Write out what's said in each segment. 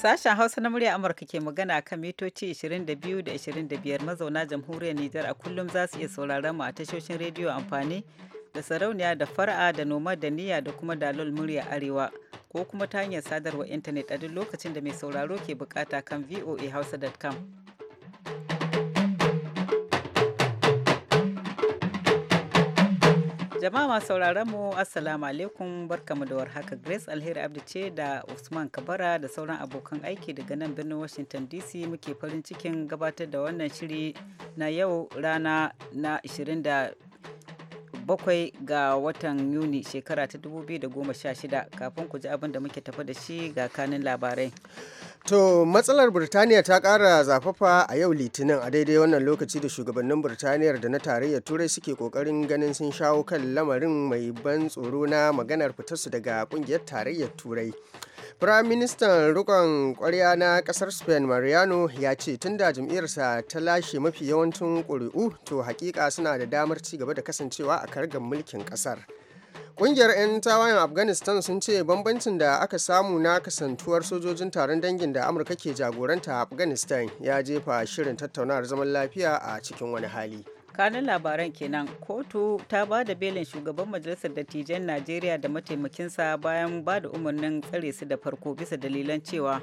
Sashen Hausa na murya Amurka ke magana kan mitoci 22 da 25 mazauna jamhuriyar Nijar a kullum za su iya sauraron mu a tashoshin rediyo amfani da sarauniya da fara'a da noma da niyya da kuma dalol murya arewa ko kuma ta hanyar sadarwa intanet a duk lokacin da mai sauraro ke bukata kan voahausa.com. Jama'a masu sauraron mu Assalamu alaikum barkamu da warhaka Grace Alheri Abdi ce da Usman Kabara da sauran abokan aiki daga nan birnin Washington DC muke farin cikin gabatar da wannan shiri na yau rana na 20 bakwai ga watan Yuni shekara ta 2016 kafin ku ji abin da muke tafi da shi ga kanin labarai. To matsalar Birtaniya ta kara zafafa a yau Litinin a daidai wannan lokaci da shugabannin Birtaniyar da na tarayyar Turai suke kokarin ganin sun shawo kan lamarin mai ban tsoro na maganar fitarsu daga kungiyar tarayyar Turai. Firaministan rikon kwarya na kasar Spain Mariano ya ce tun da jam'iyyarsa ta lashe mafi yawancin ƙuri'u to hakika suna da damar ci gaba da kasancewa a kargan mulkin kasar. Ƙungiyar 'yan tawayen Afghanistan sun ce bambancin da aka samu na kasantuwar sojojin taron dangin da Amurka ke jagoranta a Afghanistan ya jefa shirin tattaunawar zaman lafiya a cikin wani hali. kanin labaran kenan kotu ta ba da belin shugaban majalisar dattijan najeriya da mataimakinsa bayan ba da umarnin tsare su da farko bisa dalilan cewa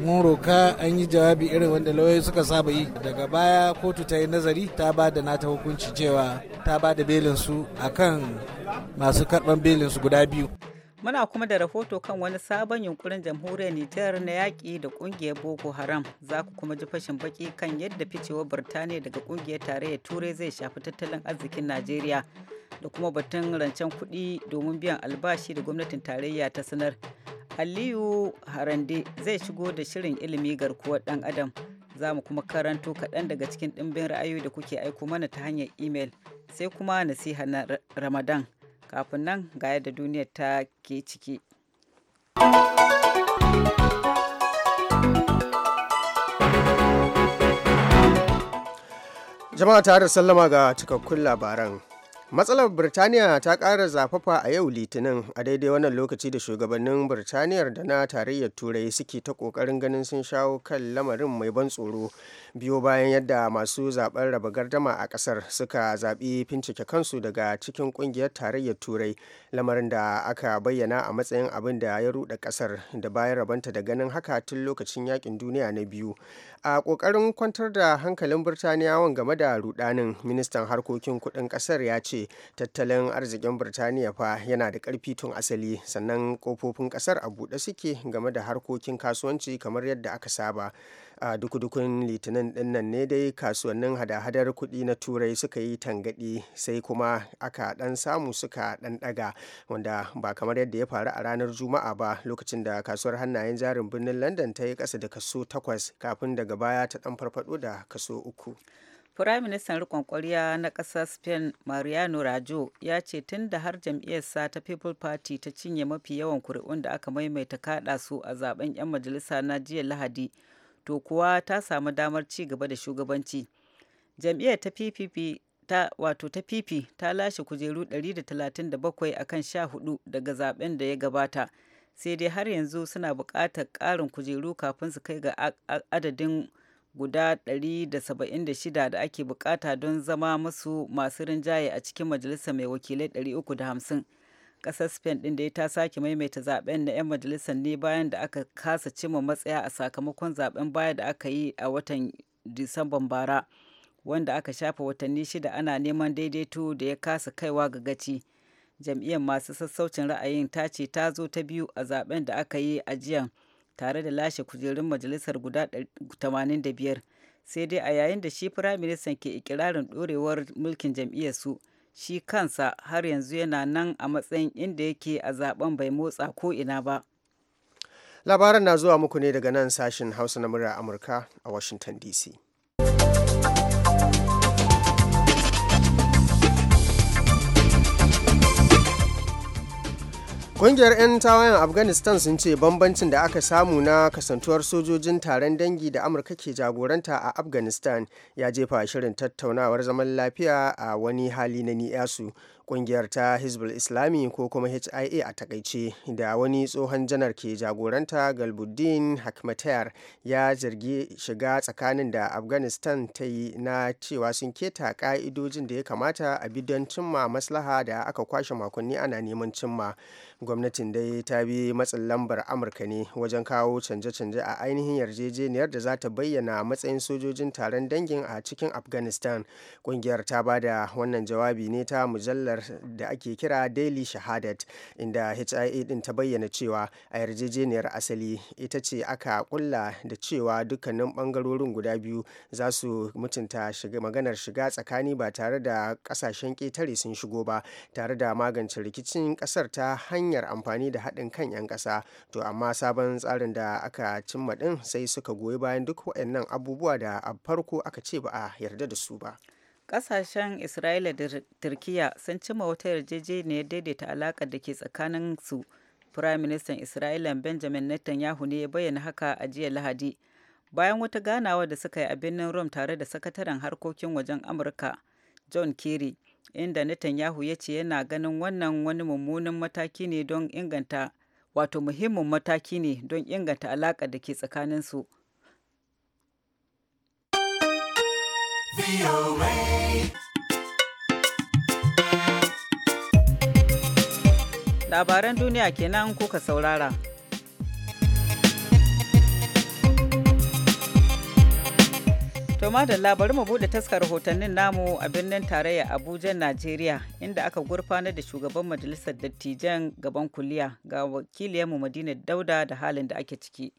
mun roka an yi jawabi irin wanda lauyoyi suka saba yi daga baya kotu ta yi nazari ta ba da nata hukunci cewa ta ba da belinsu akan masu karban belinsu guda biyu Muna kuma da rahoto kan wani sabon yunkurin jamhuriyar Nijar na yaƙi da ƙungiyar Boko Haram. Za ku kuma ji fashin baki kan yadda ficewar Birtaniya daga ƙungiyar tarayyar Turai zai shafi tattalin arzikin Najeriya da kuma batun rancen kuɗi domin biyan albashi da gwamnatin tarayya ta sanar. Aliyu Harande zai shigo da shirin ilimi garkuwar ɗan Adam. Za mu kuma karanto kaɗan daga cikin ɗimbin ra'ayoyi da kuke aiko mana ta hanyar imel sai kuma nasiha na Ramadan. kafin nan ga yadda duniyar ta ke ciki jama'a tare da sallama ga cikakkun labaran matsalar birtaniya ta ƙara zafafa a yau litinin a daidai wannan lokaci da shugabannin birtaniyar da na tarayyar turai suke ta ƙoƙarin ganin sun shawo kan lamarin mai ban tsoro biyo bayan yadda masu zaben raba gardama a ƙasar suka zaɓi fincike kansu daga cikin ƙungiyar tarayyar turai lamarin da aka bayyana a matsayin abin da ya ruɗa ƙasar da bayan rabanta da ganin haka tun lokacin yakin duniya na biyu a ƙoƙarin kwantar da hankalin birtaniyawan game da ruɗanin ministan harkokin kuɗin ƙasar ya ce tattalin arzikin birtaniya fa yana da karfi tun asali sannan kofofin kasar a buɗe suke game da harkokin kasuwanci kamar yadda aka saba a dukudukun litinin dinnan ne dai kasuwannin hada-hadar kuɗi na turai suka yi tangaɗi sai kuma aka ɗan samu suka ɗan ɗaga wanda ba kamar yadda ya faru a ranar juma'a ba lokacin da kasuwar hannayen jarin birnin london ta yi ƙasa da kaso takwas kafin daga baya ta ɗan farfaɗo da kaso uku. Firaministan riƙon ƙwarya na ƙasar Spain Mariano Rajo ya ce tun da har jam'iyyarsa ta People Party ta cinye mafi yawan kuri'un da aka maimaita kaɗa su a zaben 'yan majalisa na jiya Lahadi, to kuwa ta samu damar ci gaba da shugabanci. Jam'iyyar ta PPP ta wato ta PP ta lashe kujeru 137 akan 14 daga zaben da ya gabata. Sai dai har yanzu suna buƙatar ƙarin kujeru kafin su kai ga adadin guda 176 da ake bukata don zama musu masu rinjaye a cikin majalisar mai wakilai 350 ƙasar spain ɗin da ta sake maimaita zaben na 'yan majalisar ne bayan da aka kasa cimma matsaya a sakamakon zaben baya da aka yi a watan disamban bara wanda aka shafa watanni shida ana neman daidaito da ya kasa kaiwa ga gaci jam'iyyar masu sassaucin ra'ayin ta ce ta zo ta biyu a zaben da aka yi a jiyan tare da lashe kujerun majalisar guda 85 sai dai a yayin da shi firaministan ke ikirarin ɗorewar mulkin su shi kansa har yanzu yana nan a matsayin inda yake a zaben bai motsa ko ina ba labaran na zuwa muku ne daga nan sashen hausa na murya amurka a washington dc Ƙungiyar 'yan tawayen Afghanistan sun ce bambancin da aka samu na kasantuwar sojojin taron dangi da Amurka ke jagoranta a Afghanistan ya jefa shirin tattaunawar zaman lafiya a wani hali na ni'yasu kungiyar ta hizbul islami ko kuma hia a takaice da wani tsohon janar ke jagoranta galbuddin hakmatayar ya zargi shiga tsakanin da afghanistan ta yi na cewa sun keta ka'idojin da ya kamata a bidon cimma maslaha da aka kwashe makonni ana neman cimma gwamnatin dai ta bi matsin lambar amurka ne wajen kawo canje-canje a ainihin yarjejeniyar da za ta bayyana matsayin sojojin taron dangin a cikin afghanistan kungiyar ta ba da wannan jawabi ne ta mujallar matsalar da ake kira daily shahadat inda hia din ta bayyana cewa a yarjejeniyar asali ita ce aka kulla da cewa dukkanin bangarorin guda biyu za su mutunta maganar shiga tsakani ba tare da kasashen ketare sun shigo ba tare da magance rikicin kasar ta hanyar amfani da haɗin kan 'yan ƙasa to amma sabon tsarin da aka cimma ɗin sai suka goyi bayan duk waɗannan abubuwa da a farko aka ce ba a yarda da su ba. kasashen isra'ila da turkiya sun cima wata yarjejeniyar daidaita alaƙar da ke tsakanin su firaministan isra'ila benjamin netanyahu ne ya bayyana haka a jiya lahadi bayan wata ganawa da suka yi a birnin rome tare da sakataren harkokin wajen amurka john kerry inda netanyahu ya ce yana ganin wannan wani mummunan mataki ne don inganta wato muhimmin mataki ne don inganta alaƙar da ke tsakaninsu. su Labaran duniya kenan kuka saurara. To da labarin mu buɗe taskar rahotannin namu a birnin tarayya Abuja, Najeriya, inda aka gurfanar da shugaban majalisar dattijan gaban kulliya, ga wakiliyarmu Madina Dauda da halin da ake ciki.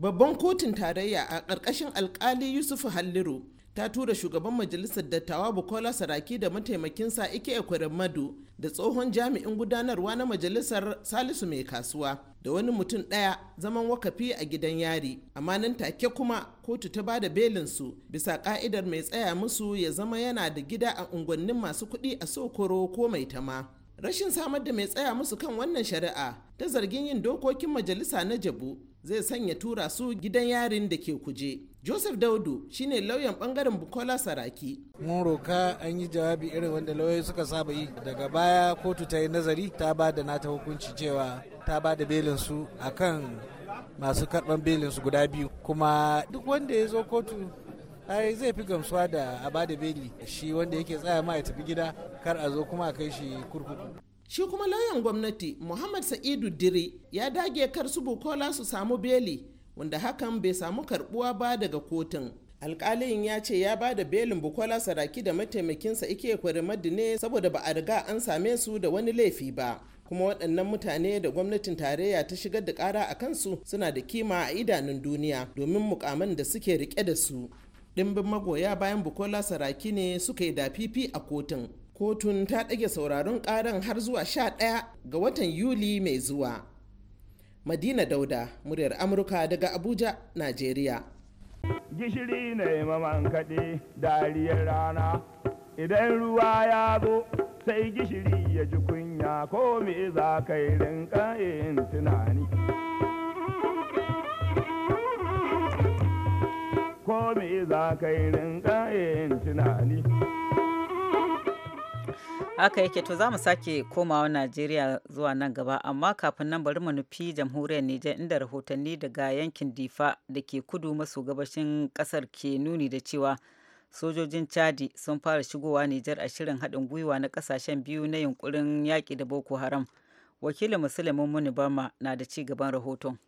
babban kotun tarayya a ƙarƙashin alkali Yusuf halliru ta tura shugaban majalisar dattawa bukola saraki da mataimakinsa ike ekwerin madu da tsohon jami'in gudanarwa na majalisar salisu mai kasuwa da wani mutum ɗaya zaman wakafi a gidan yari amma nan take kuma kotu ta bada belinsu bisa ka'idar mai tsaya musu ya zama yana da gida a unguwannin masu kuɗi a sokoro ko mai tama rashin samar da mai tsaya musu kan wannan shari'a ta zargin yin dokokin majalisa na jabu zai sanya tura su gidan yarin da ke kuje joseph daudu shine lauyan bangaren bukola saraki mun roka an yi jawabi irin wanda lauyoyi suka saba yi daga baya kotu ta yi nazari ta ba da nata hukunci cewa ta ba da belinsu akan masu karban belinsu guda biyu kuma duk wanda ya zo kotu ai zai fi gamsuwa da a bada beli shi wanda yake tsaya ma ya tafi gida kar a zo kuma a kai shi kurkuku shi kuma lauyan gwamnati muhammad sa'idu dire ya dage kar su bukola su samu beli wanda hakan bai samu karbuwa ba daga kotun alkalin ya ce ya ba da belin bukola saraki da mataimakinsa ike kwari madine saboda ba a riga an same su da wani laifi ba kuma waɗannan mutane da gwamnatin tarayya ta shigar da ƙara a kansu suna da kima a idanun duniya domin mukaman da suke rike da su ɗimbin magoya bayan bukola saraki ne suka yi dafifi a kotun kotun ta ɗage sauraron ƙaran har zuwa sha ɗaya ga watan yuli mai zuwa madina dauda muryar amurka daga abuja najeriya gishiri ne maman kaɗe dariyar rana idan ruwa ya zo sai gishiri ya ji kunya ko me za ka yi rinka yin tunani ko me za ka yi rinka yin tunani haka yake to za mu sake komawa najeriya zuwa nan gaba amma kafin nan bari mu nufi jamhuriyar nijar inda rahotanni daga yankin difa da ke kudu maso gabashin kasar ke nuni da cewa sojojin chadi sun fara shigowa nijar a shirin haɗin gwiwa na ƙasashen biyu na yunkurin yaƙi da boko haram wakilin musulmin muni na da ci gaban rahoton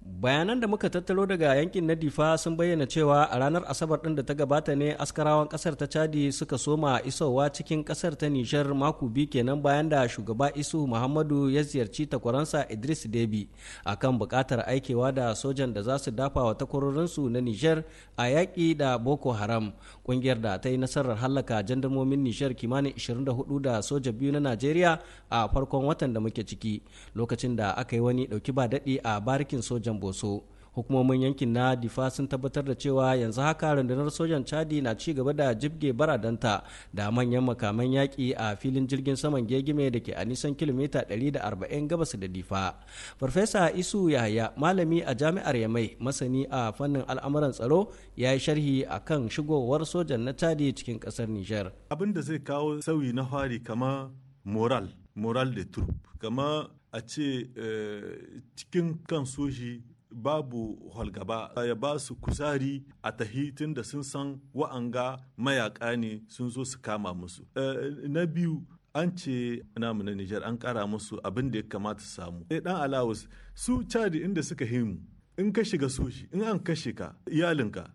bayanan da muka tattaro daga yankin na difa sun bayyana cewa a ranar asabar ɗin da ta gabata ne askarawan ƙasar ta chadi suka soma isowa cikin ƙasar ta nishar mako biyu kenan bayan da shugaba isu muhammadu ya ziyarci takwaransa idris debi a kan bukatar aikewa da sojan da za su dafa wa takwarorinsu na nishar a yaƙi da boko haram ƙungiyar da ta yi nasarar hallaka jandarmomin nishar kimanin 24 da soja biyu na najeriya a farkon watan da muke ciki lokacin da aka yi wani ɗauki ba daɗi a barikin soja sojan boso hukumomin yankin na difa sun tabbatar da cewa yanzu haka rundunar sojan chadi na ci gaba da jibge baradanta da manyan makaman yaƙi a filin jirgin saman gegime da ke a nisan kilomita 140 gabas da difa farfesa isu yahaya malami a jami'ar yamai masani a fannin al'amuran tsaro ya yi sharhi a kan shigowar sojan na chadi cikin ƙasar nijar abin da zai kawo sauyi na fari kama moral moral de troupe kama a ce eh, cikin kan soji babu holgaba ya ba su kuzari a tahi tun da sun san wa'anga mayaka ne sun zo su kama musu eh, na biyu an ce namu na Nijar an kara musu abin da ya kamata samu. Sai eh, dan alawus su cadi inda suka himu in ka shiga soji in an kashe ka iyalinka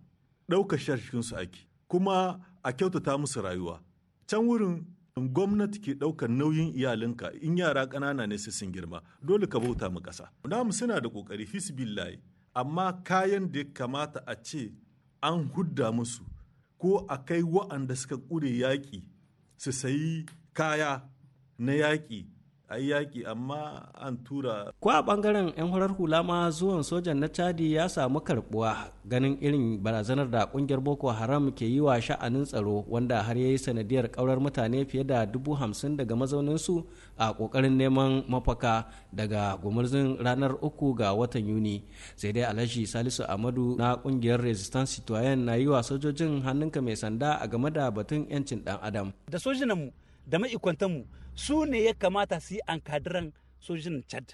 ɗauka sharshin ake kuma a kyautata musu rayuwa. Can wurin in gwamnati ke ɗaukar nauyin iyalinka in yara ƙanana ne sai sun girma dole ka bauta mu ƙasa namu suna da ƙoƙari hisbillahi amma kayan da ya kamata a ce an hudda musu ko a kai wa'anda suka ƙure yaƙi su sayi kaya na yaƙi a yaƙi amma an tura. Ko a ɓangaren 'yan horar hula ma zuwan sojan na Chadi ya samu karɓuwa ganin irin barazanar da ƙungiyar Boko Haram ke yi wa sha'anin tsaro wanda har ya yi sanadiyar ƙaurar mutane fiye da dubu hamsin daga mazauninsu a ƙoƙarin neman mafaka daga gumurzin ranar uku ga watan Yuni. Sai dai Alhaji Salisu Amadu na ƙungiyar Resistance Citoyen na yi wa sojojin hannunka mai sanda a game da batun 'yancin ɗan Adam. Da sojinan da ma'ikwantanmu su ne ya kamata su yi kadiran sojin chad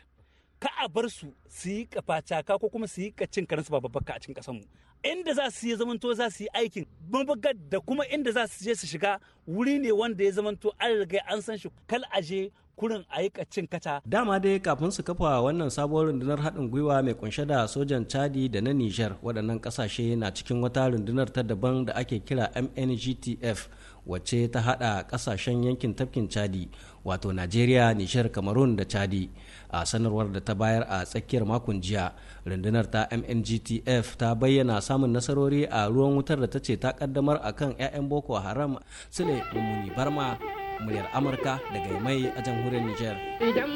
ka a bar su su yi kafacaka ko kuma su yi kacin karansu ba babbaka a cikin kasanmu inda za su yi zamanto za su yi aikin mabagar da kuma inda za su je su shiga wuri ne wanda ya zamanto an riga an san shi kal aje kurin a yi cin kata. Dama dai kafin su kafa wannan sabuwar rundunar haɗin gwiwa mai kunshe da sojan Chadi da na niger waɗannan kasashe na cikin wata rundunar ta daban da ake kira MNGTF wacce ta hada kasashen yankin tafkin chadi wato najeriya nishar cameroon da chadi a sanarwar da ta bayar a tsakiyar makon jiya rundunar ta mngtf ta bayyana samun nasarori a ruwan wutar da ta ce ta kaddamar a kan 'ya'yan boko haram ne mummuni barma muryar amurka daga mai a jamhuriyar niger idan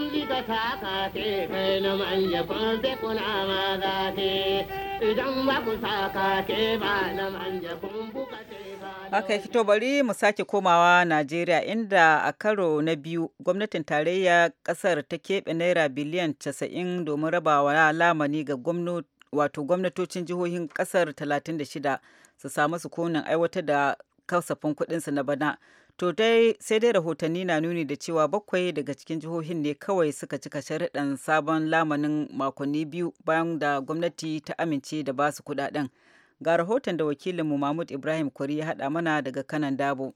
saka ba ku Haka ya fito bari mu sake komawa Najeriya inda a karo na biyu gwamnatin tarayya kasar ta keɓe naira biliyan casa'in domin rabawa lamani ga wato gwamnatocin jihohin kasar 36 su samu sukunin aiwatar da kasafin kuɗinsu na bana. To dai sai dai rahotanni na nuni da cewa bakwai daga cikin jihohin ne kawai suka cika sharaɗin sabon lamanin makonni biyu bayan da gwamnati ta amince da basu kuɗaɗen. Ga rahoton da wakilinmu Mahmud Ibrahim kuri ya haɗa mana daga kanan dabo.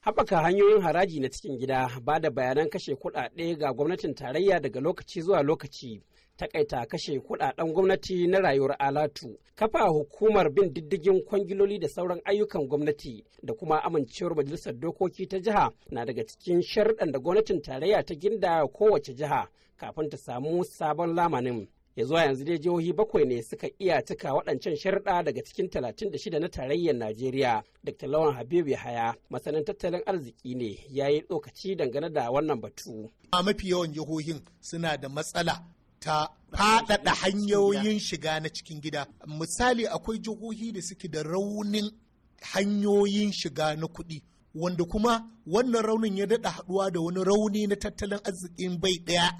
Haɓaka hanyoyin haraji na cikin gida ba da bayanan kashe kuɗaɗe ga gwamnatin tarayya daga lokaci zuwa lokaci. takaita kashe kudaden gwamnati na rayuwar alatu kafa hukumar bin diddigin kwangiloli da sauran ayyukan gwamnati da kuma amincewar majalisar dokoki ta jiha na daga cikin sharuɗan da gwamnatin tarayya ta ginda kowace jiha kafin ta samu sabon lamanin ya zuwa yanzu dai jihohi bakwai ne suka iya cika waɗancan sharɗa daga cikin 36 na tarayyar najeriya dr lawan habibu yahaya masanin tattalin arziki ne ya yi tsokaci dangane da wannan batu a mafi yawan jihohin suna da matsala ta faɗaɗa hanyoyin shiga na cikin gida misali akwai jihohi da suke da raunin hanyoyin shiga na kuɗi wanda kuma wannan raunin ya daɗa haɗuwa da wani rauni na tattalin arzikin bai ɗaya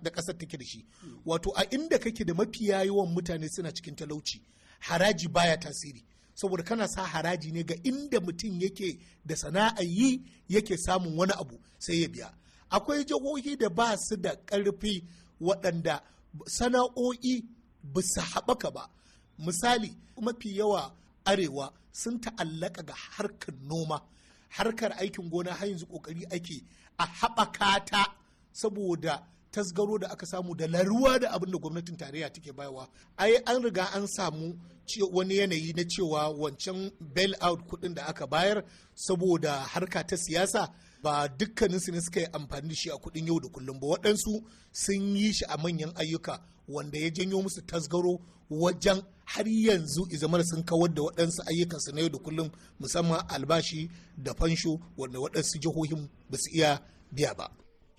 da ƙasar take da shi wato a inda kake da mafiya yawan mutane suna cikin talauci haraji baya tasiri saboda kana sa haraji ne ga inda mutum yake da sana'a yi yake samun wani abu sai ya biya akwai jihohi da ba su da ƙarfi waɗanda sana'o'i ba su haɓaka ba misali mafi yawa arewa sun ta'allaka ga harkar noma harkar aikin gona har yanzu ƙoƙari ake a haɓaka ta saboda tasgaro da aka samu da laruwa da abin da gwamnatin tarayya take bayarwa ai an riga an samu wani yanayi na cewa wancan bail out kudin da aka bayar saboda harka ta siyasa ba dukkanin su ne suka yi amfani da shi a kudin yau da kullum ba waɗansu sun yi shi a manyan ayyuka wanda ya janyo musu tasgaro wajen har yanzu izamar sun kawar da waɗansu ayyukansu na yau da kullum musamman albashi da fansho wanda waɗansu jihohin ba su iya biya ba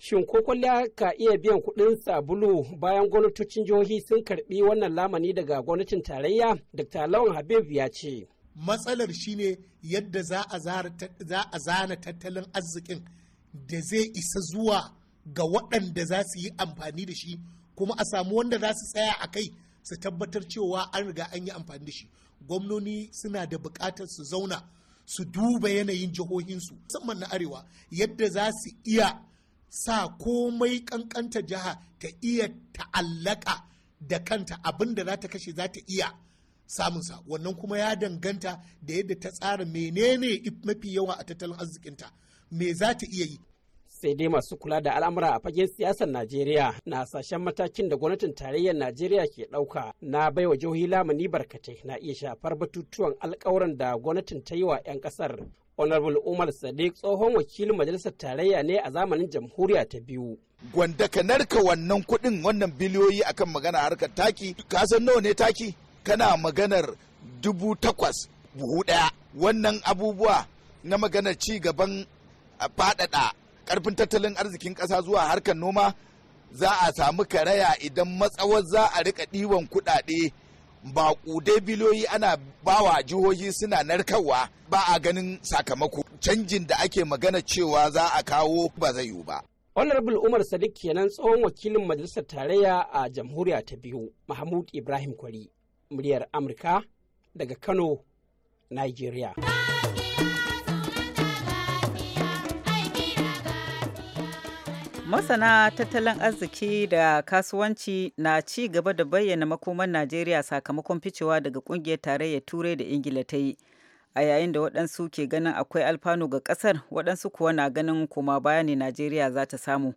Shin ko kwalliya ka iya biyan kuɗin sabulu bayan gwamnatocin jihohi sun karɓi wannan lamani daga gwamnatin tarayya? Dr. Lawan Habib ya ce. Matsalar shine yadda za a zana tattalin arzikin da zai isa zuwa ga waɗanda za su yi amfani da shi kuma a samu wanda za su tsaya a kai su tabbatar cewa an riga an yi amfani da shi gwamnoni suna da buƙatar su zauna su duba yanayin jihohinsu musamman na arewa yadda za su iya sa komai kankanta jiha ta iya ta'allaka da kanta abinda da za ta kashe za ta iya samunsa wannan kuma ya danganta da yadda ta tsara menene mafi yawa a tattalin arzikinta me za ta iya yi sai dai masu kula da al'amura a fagen siyasar najeriya na sashen matakin da gwamnatin tarayyar najeriya ke ɗauka na baiwa jihohi lamuni barkatai na iya shafar batutuwan alkawuran da gwamnatin ta yi wa 'yan ƙasar Honorable Umar Sadiq tsohon wakilin majalisar tarayya ne a zamanin jamhuriya ta biyu. Gwanda ka narka wannan kuɗin wannan biliyoyi akan magana harkar taki, ka san nawa ne taki? Kana maganar dubu takwas buhu ɗaya. Wannan abubuwa na maganar ci gaban faɗaɗa ƙarfin tattalin arzikin ƙasa zuwa harkar noma za a samu karaya idan matsawar za a riƙa ɗiwon kuɗaɗe ba kudai biliyoyi ana bawa jihohi suna narkarwa ba a ganin sakamako canjin da ake magana cewa za a kawo ba zai yiwu ba honorable umar sadiq kenan tsohon wakilin majalisar tarayya a jamhuriya ta biyu mahmud ibrahim kwari muryar amurka daga kano nigeria masana tattalin arziki da kasuwanci na ci gaba da bayyana makoman najeriya sakamakon ficewa daga kungiyar tarayyar turai da ingila ta yi a yayin da waɗansu ke ganin akwai alfano ga kasar waɗansu kuwa na ganin kuma bayani najeriya za ta samu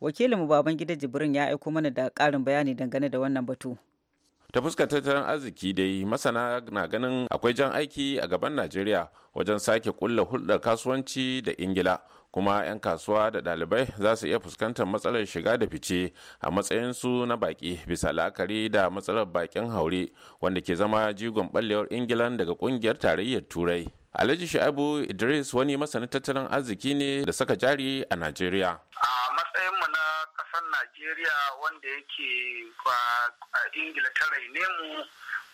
wakilinmu baban gida jibrin ya aiko mana da karin bayani dangane da wannan batu ta fuskar tattalin arziki dai masana na ganin akwai jan aiki a gaban najeriya wajen sake kulla hulɗar kasuwanci da ingila kuma 'yan kasuwa da ɗalibai za su iya fuskantar matsalar shiga da fice a matsayinsu na baƙi bisa la'akari da matsalar baƙin haure wanda ke zama jigon ɓallewar Ingila daga ƙungiyar tarayyar turai alhaji sha'ibu idris wani masanin tattalin arziki ne da saka jari a najeriya a matsayinmu na ƙasar najeriya wanda yake ba ingila ta ne mu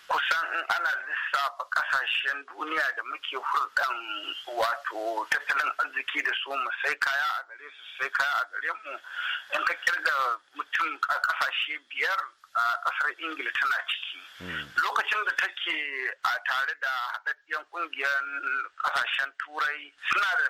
kusan in ana lissafa kasashen duniya da muke hulɗan wato tattalin arziki da su mu sai kaya a gare su sai kaya a gare mu in ka kirga mutum a kasashe biyar A kasar ingila tana ciki hmm. lokacin da take a tare da haɗaɗɗiyar ƙungiyar ƙasashen turai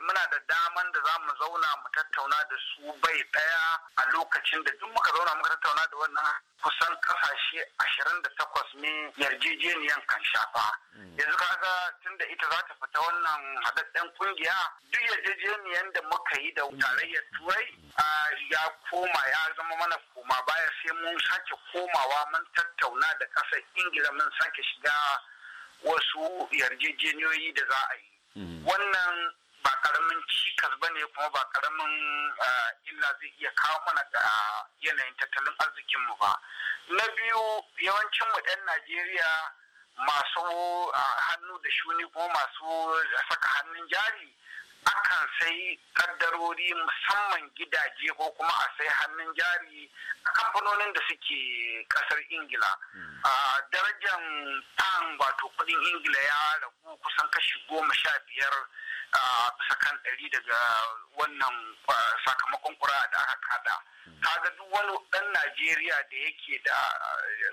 muna da daman da za mu zauna mu tattauna da su bai ɗaya a lokacin da duk muka zauna muka tattauna da wannan kusan ƙasashe ashirin da takwas ne yarjejeniyan kan shafa hmm. yanzu kaga da ita za ta fita wannan haɗaɗɗen ƙungiya duk yarjejeniyan da muka yi da tarayyar turai hmm. ya koma ya zama mana koma baya sai mun sake koma komawa mun tattauna da ƙasar ingila mun sake shiga wasu yarjejeniyoyi da za a yi hmm. wannan ba karamin cikas ba ne kuma ba karamin eh, illa zai iya kawo mana da yanayin tattalin arzikinmu ba na biyu yawancin mu 'yan najeriya masu eh, hannu da shuni ko masu saka hannun jari akan sai kaddarori musamman gidaje ko kuma a sai hannun jari a kamfanonin da suke kasar ingila hmm. a darajan tan wato kudin ingila ya ragu kusan kashi goma sha biyar a bisa kan ɗari daga wannan sakamakon kura da aka kada hmm. kaga duk wani ɗan najeriya da yake da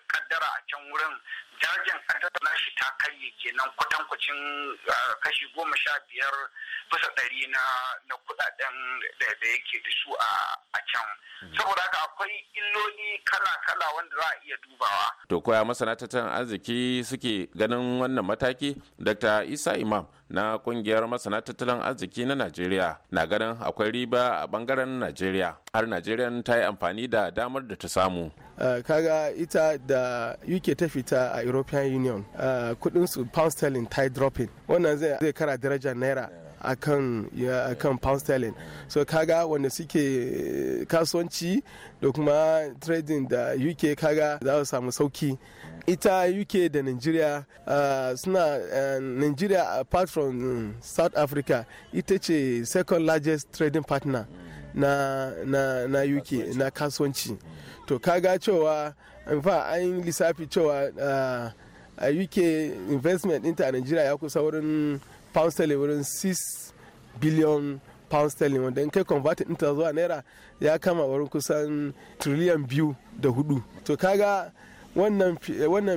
kaddara a can wurin darajar adadin shi ta karye kenan kwatankwacin ah, kashi goma sha biyar bisa ɗari na kudaden da yake da su a can hmm. saboda haka akwai illoli kala-kala wanda za a iya dubawa to koya masana tattalin arziki suke ganin wannan mataki dr isa imam na kungiyar masana tattalin arziki na najeriya na ganin akwai riba a bangaren najeriya har najeriya ta yi amfani da damar da ta samu ah, kaga ita da uk ta fita a european union uh, kudin su pound sterling tie dropping wannan zai kara darajar naira akan kan pound sterling so kaga wanda suke kasuwanci da kuma trading da uk kaga za su samu sauki ita uk da nigeria uh, suna uh, nigeria apart from um, south africa ita ce second largest trading partner mm. na, na, na uk na kasuwanci to kaga cewa in fa an lissafi cewa ah, a uk investment ɗinta a nigeria ya kusa wurin pound sterling wurin 6 billion pound sterling wanda in kai converted ɗinta zuwa naira ya kama wurin kusan triliyan biyu da hudu to kaga wannan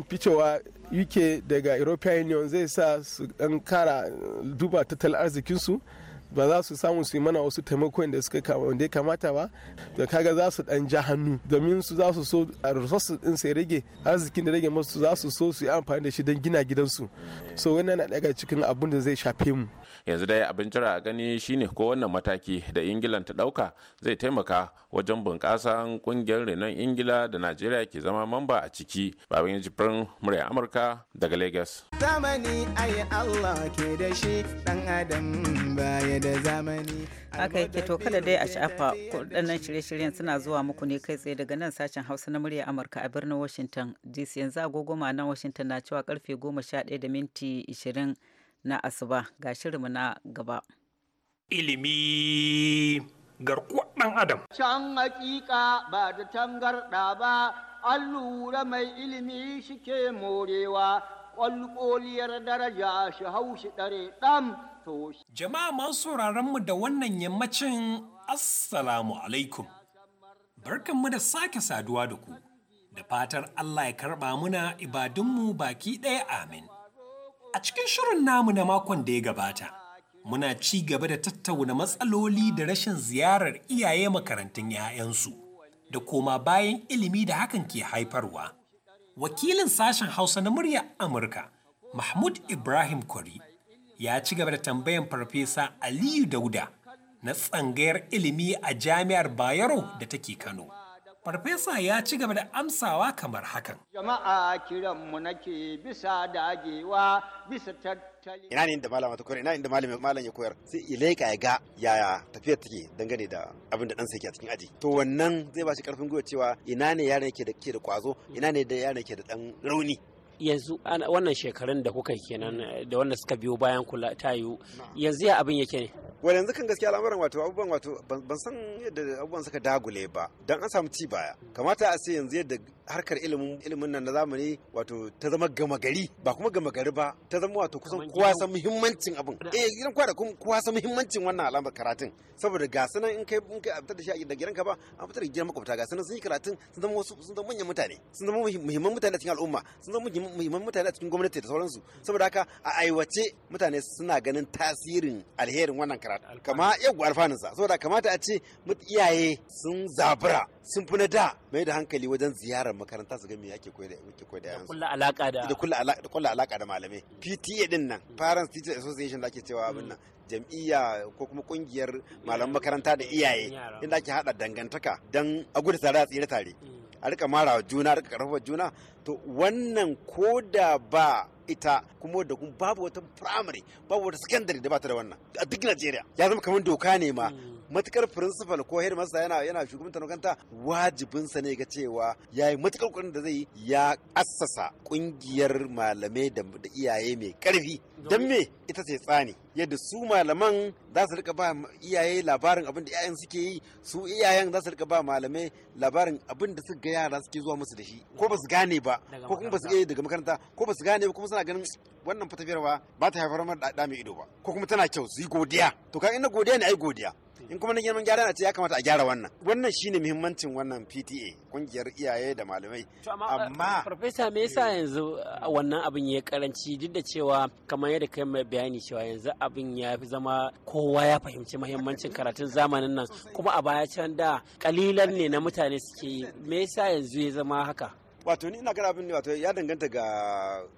ficewa uk daga european union zai sa su ɗan kara duba tattalin arzikinsu ba za su samu su yi mana wasu taimakon da suka wanda ya kamata ba da kaga za su dan ja hannu domin su za su so a resources din sai rage arzikin da rage masu za su so su yi amfani da shi don gina gidansu so wannan na daga cikin abun da zai shafe mu yanzu dai abin jira a gani shine ko wannan mataki da ingilan ta dauka zai taimaka wajen bunƙasan kungiyar renon ingila da najeriya ke zama mamba a ciki babin ya jifirin murya amurka daga lagos zamani ayi allah ke da shi dan adam baya da zamani haka yake to kada dai a shafa kudannan shirye-shiryen suna zuwa muku ne kai tsaye daga nan sashen hausa na murya amurka a birnin washington dc yanzu agogo nan washington na cewa karfe 11 da minti 20 na asuba ga shirinmu na gaba ilimi garkuwar dan adam. Can hakika ba da tangarɗa ba, an lura mai ilimi shike morewa, kwalkoliyar daraja shi hau shi ɗare ɗan Jama'a masu mu da wannan yammacin Assalamu alaikum. Barkanmu da sake saduwa da ku, da fatar Allah ya karɓa muna ibadunmu baki ɗaya amin. A cikin shirin namu na makon da ya gabata, muna ci gaba da tattauna matsaloli da rashin ziyarar iyaye makarantun 'ya'yansu, da koma bayan ilimi da hakan ke haifarwa. Wakilin sashen Hausa na muryar Amurka, Mahmud Ibrahim kori ya ci gaba da tambayan farfesa Aliyu Dauda na tsangayar ilimi a jami'ar Bayero da take Kano. Farfesa ya ci gaba da amsawa kamar hakan. Jama'a kiranmu nake bisa dagewa bisa tattali. Ina ne inda malama ta koyar, ina inda malamin malam ya koyar. Sai ilaika ya ga yaya tafiyar take dangane da abin da ɗan sa ke cikin aji. To wannan zai ba shi ƙarfin gwiwa cewa ina ne yaran yake da ke da kwazo, ina ne da yaran yake da ɗan rauni. yanzu wannan shekarun da kuka kenan eh, da wanda suka biyo bayan kula ta yiwu yanzu ya abin yake ne wani yanzu kan gaskiya al'amuran wato abubuwan wato ban san yadda abubuwan suka dagule ba dan an samu ci baya kamata a sai yanzu yadda harkar ilimin ilimin nan na zamani wato ta zama gama gari ba kuma gama gari ba ta zama wato kusan kowa san muhimmancin abin eh gidan kwa da kuma kowa san muhimmancin wannan alamar karatun saboda ga sanan in kai in kai a fitar da shi a gidan ka ba a fitar da gidan makwabta ga sanan sun yi karatun sun zama wasu sun zama manyan mutane sun zama muhimman mutane a cikin al'umma sun zama muhimman mutane a cikin gwamnati da sauransu saboda haka a aiwace mutane suna ganin tasirin alherin wannan karatu kama yau alfanunsa saboda kamata a ce iyaye sun zabura sun fi na da mai da hankali wajen ziyarar makaranta su ga me yake koyar da koyar da yansu da alaka da da kullu alaka da malamai PTA din nan Parents Teacher Association da ake cewa abin nan mm. jam'iyya ko kuma kungiyar malaman makaranta da iyaye inda ake hada dangantaka dan a gudu tare a tare mm. a rika mara juna a rika karfafa juna to wannan ko da ba ita kuma da kuma babu wata primary babu wata secondary da ba ta da wannan a duk Najeriya ya zama kamar doka ne ma matukar principal ko headmaster yana yana shugabantar makaranta wajibinsa ne ga cewa ya yi matukar ƙoƙarin da zai ya assasa ƙungiyar malamai da iyaye mai ƙarfi don me ita ce tsani yadda su malaman za su rika ba iyaye labarin abin da iyayen suke yi su iyayen za su rika ba malamai labarin abin da suka ga yara suke zuwa musu da shi ko ba su gane ba ko kuma ba su daga makaranta ko ba su gane ba kuma suna ganin wannan fatafiyarwa ba ta haifar da mai ido ba ko kuma tana kyau su yi godiya to kan ina godiya ne ai godiya Mm. in kuma na girman gyara na ce ya kamata a gyara wannan wannan shine muhimmancin wannan PTA kungiyar iyaye da malamai amma farfesa uh, me yasa mm. yanzu uh, wannan abin ya karanci duk da cewa kamar yadda kai mai bayani cewa yanzu abin ya fi zama kowa ya fahimci muhimmancin karatun zamanin nan kuma a baya can da kalilan ne na mutane suke yi me yasa yanzu ya zama haka wato ni ina kana abin ne wato ya danganta ga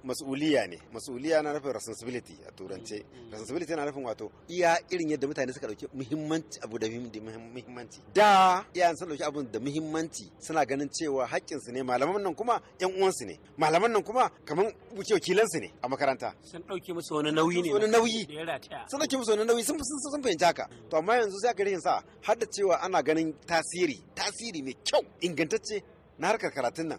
mas'uliya ne mas'uliya na nufin responsibility a turance responsibility na nufin wato iya irin yadda mutane suka dauki muhimmanci abu da muhimmanci da iyayen sun dauki abun da muhimmanci suna ganin cewa haƙƙin su ne malaman nan kuma yan uwan su ne malaman nan kuma kaman wuce wakilan su ne a makaranta sun dauki musu wani nauyi ne wani nauyi sun dauki musu wani nauyi sun sun fahimci haka to amma yanzu sai aka sa har da cewa ana ganin tasiri tasiri mai kyau ingantacce na harkar karatun nan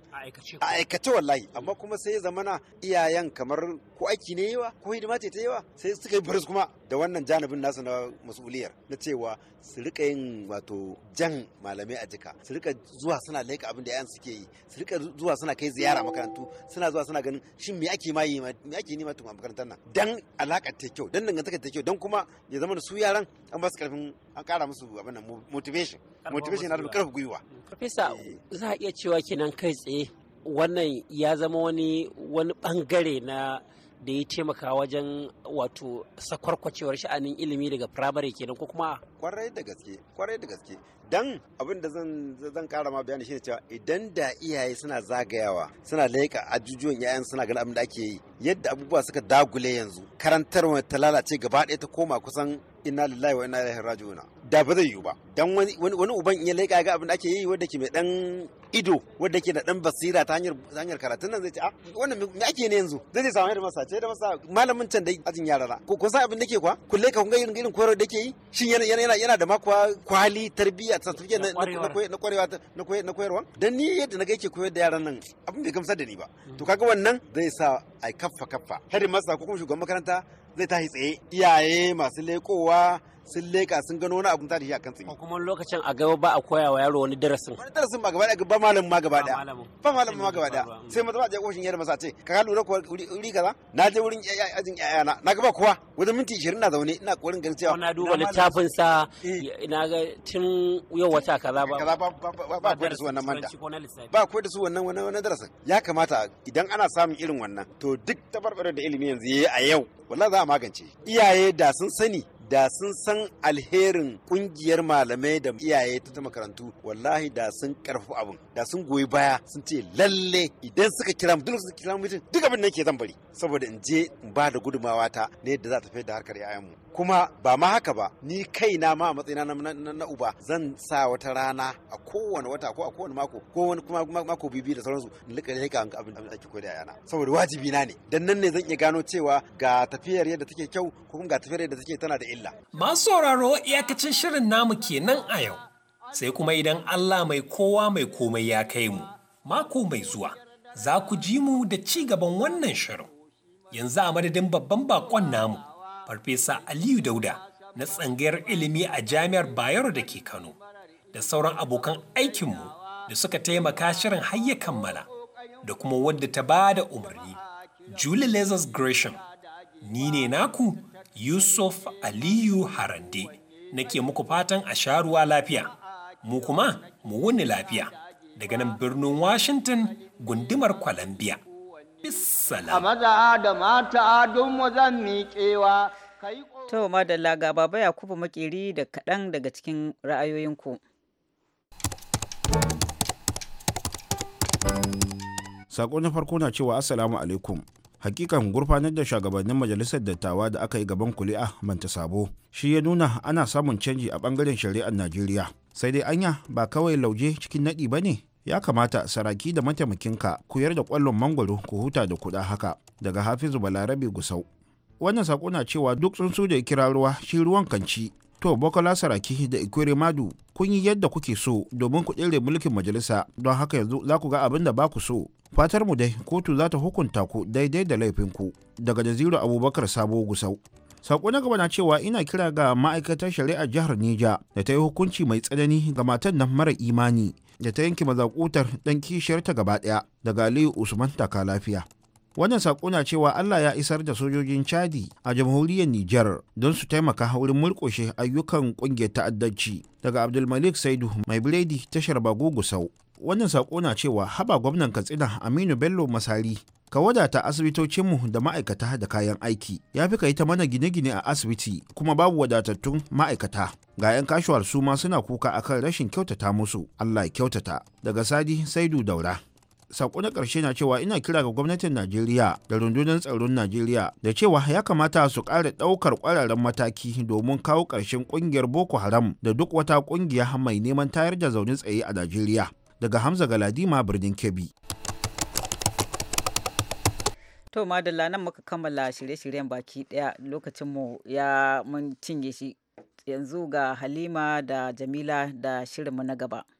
a aikace wallahi amma kuma sai zamana iyayen kamar ko aiki ne yawa ko hidima ce ta yawa sai suka yi baris kuma da wannan janibin nasu na mas'uliyar na cewa su rika yin wato jan malamai a jika su rika zuwa suna laika abin da 'yan suke yi su rika zuwa suna kai ziyara makarantu suna zuwa suna ganin shin me ake ma yi me ake nima tun a makarantar nan dan alaka ta kyau dan dangantaka ta kyau dan kuma ya zama su yaran an ba su karfin an kara musu abin nan motivation motivation na da karfin gwiwa professor eh. za a iya cewa kenan kai tsaye wannan ya zama wani wani bangare na da ya taimaka wajen wato sakwarkwacewar sha'anin ilimi daga firamare kenan ko kuma kwarai da gaske kwarai da gaske dan abin da zan zan kara ma bayani shine cewa idan da iyaye suna zagayawa suna laika ajujuwan yayan suna ganin abin da ake yi yadda abubuwa suka dagule yanzu karantarwa ta lalace gaba ɗaya ta koma kusan inna lillahi wa inna ilaihi raji'una da ba zai yiwu ba dan wani wani uban in ya leƙa ga abin da ake yi wanda ke mai dan ido wanda ke da dan basira ta hanyar ta hanyar karatu nan zai ce a ah, wannan me ake ne yanzu zai ce samu da masa ce da masa malamin can da ajin yara da ko kun san abin da ke kwa kun leƙa kun ga irin irin koyarwa da ke yi shin yana yana yana da makwa kwali tarbiyya certificate na na koyarwa na koyarwa na koyarwa dan ni yadda na ga yake koyar da yaran nan abin bai gamsar da ni ba mm. to kaga wannan zai sa ai kaffa kaffa masa ko kuma shugaban makaranta zai tashi tsaye iyaye masu leƙowa sun leka sun gano wani abu da shi akan tsaye kuma lokacin a gaba ba a koya wa yaro wani darasin wani darasin ba gaba daya ba malam ma gaba daya ba malam ma gaba daya sai mata ba je koshin yadda masa ce ka lura ko wuri kaza na je wurin ajin yayana na gaba kowa wajen minti ishirin na zaune ina kokarin ganin cewa na duba littafin sa ina eh. ga tun yau wata kaza ba kaza ba ba ko da su wannan manta ba ko da su wannan wannan darasin ya kamata idan ana samun irin wannan to duk tabarbarar da ilimi yanzu yi a yau wallahi za a magance iyaye da sun sani da sun san alherin kungiyar malamai da iyaye ta ta makarantu wallahi da sun karfi abin da sun goyi baya sun ce lalle idan suka kira mu duk suka kira mutum duk abin da ke zan bari saboda in je in ba da gudumawa ta ne da za ta fi da harkar 'ya'yanmu kuma ba ma haka ba ni kaina ma a matsayina na, uba zan sa wata rana a kowane wata ko a kowane mako ko wani kuma mako bibi da sauransu in lika ga abin da ake koyar da yana saboda wajibi na ne dan nan ne zan iya gano cewa ga tafiyar yadda take kyau ko kuma ga tafiyar yadda take tana da illa masu sauraro iyakacin shirin namu kenan a yau sai kuma idan Allah mai kowa mai komai ya kai mu mako mai zuwa za ku ji mu da ci gaban wannan shirin yanzu a madadin babban bakon namu Farfesa Aliyu Dauda na tsangayar ilimi a Jami'ar Bayero da ke Kano da sauran abokan aikinmu da suka taimaka shirin hayya kammala da kuma wadda ta ba da umarni. Julie Lazarus Gresham, ni ne naku Yusuf Aliyu Harande, nake muku fatan a sharuwa lafiya, mu kuma mu wuni lafiya daga nan birnin Washington gundumar Columbia. bisalam. A maza da mata don wazan miƙewa. To madalla ga baba makeri da kaɗan daga cikin ra'ayoyinku. Sako na farko na cewa Assalamu alaikum. Hakikan gurfanar da shugabannin majalisar dattawa da aka yi gaban kuli'a manta sabo shi ya nuna ana samun canji a bangaren shari'ar Najeriya. Sai dai anya ba kawai lauje cikin naɗi ba ne. ya kamata saraki da mataimakin ka ku da kwallon mangwaro ku huta da kuɗa haka daga hafizu balarabe gusau wannan sako na cewa duk tsuntsu da kira ruwa shi ruwan kanci to bokola saraki da ikwere madu kun yi yadda kuke so domin ku ɗere mulkin majalisa don haka yanzu za ku ga abin da ba ku so fatar mu dai kotu za ta hukunta ku daidai da laifin ku daga jaziru abubakar sabo gusau sako na gaba na cewa ina kira ga ma'aikatar shari'ar jihar Nija da ta yi hukunci mai tsanani ga matan nan mara imani da ta yanke mazakutar dan kishiyarta gaba daya daga aliyu usman taka lafiya wannan saƙo na cewa allah ya isar da sojojin chadi a jamhuriyar nijar don su taimaka wurin murƙushe ayyukan ƙungiyar ta'addanci daga abdulmalik saidu mai biredi tashar bago sau. wannan sako na cewa haba gwamnan katsina aminu bello masari ka wadata asibitocinmu da ma'aikata da kayan aiki ya fi ka yi ta mana gine-gine a asibiti kuma babu wadatattun ma'aikata ga 'yan kashuwar su ma suna kuka akan rashin kyautata musu allah kyautata daga sadi saidu daura sako na ƙarshe na cewa ina kira ga gwamnatin najeriya da rundunar tsaron najeriya da cewa ya kamata su ƙara ɗaukar ƙwararren mataki domin kawo ƙarshen ƙungiyar boko haram da duk wata ƙungiya mai neman tayar da zaune tsaye a najeriya daga Hamza Galadima birnin Kebbi. To madalla nan muka kammala shirye-shiryen baki daya lokacinmu ya mun cinye shi yanzu ga Halima da Jamila da shirinmu na gaba.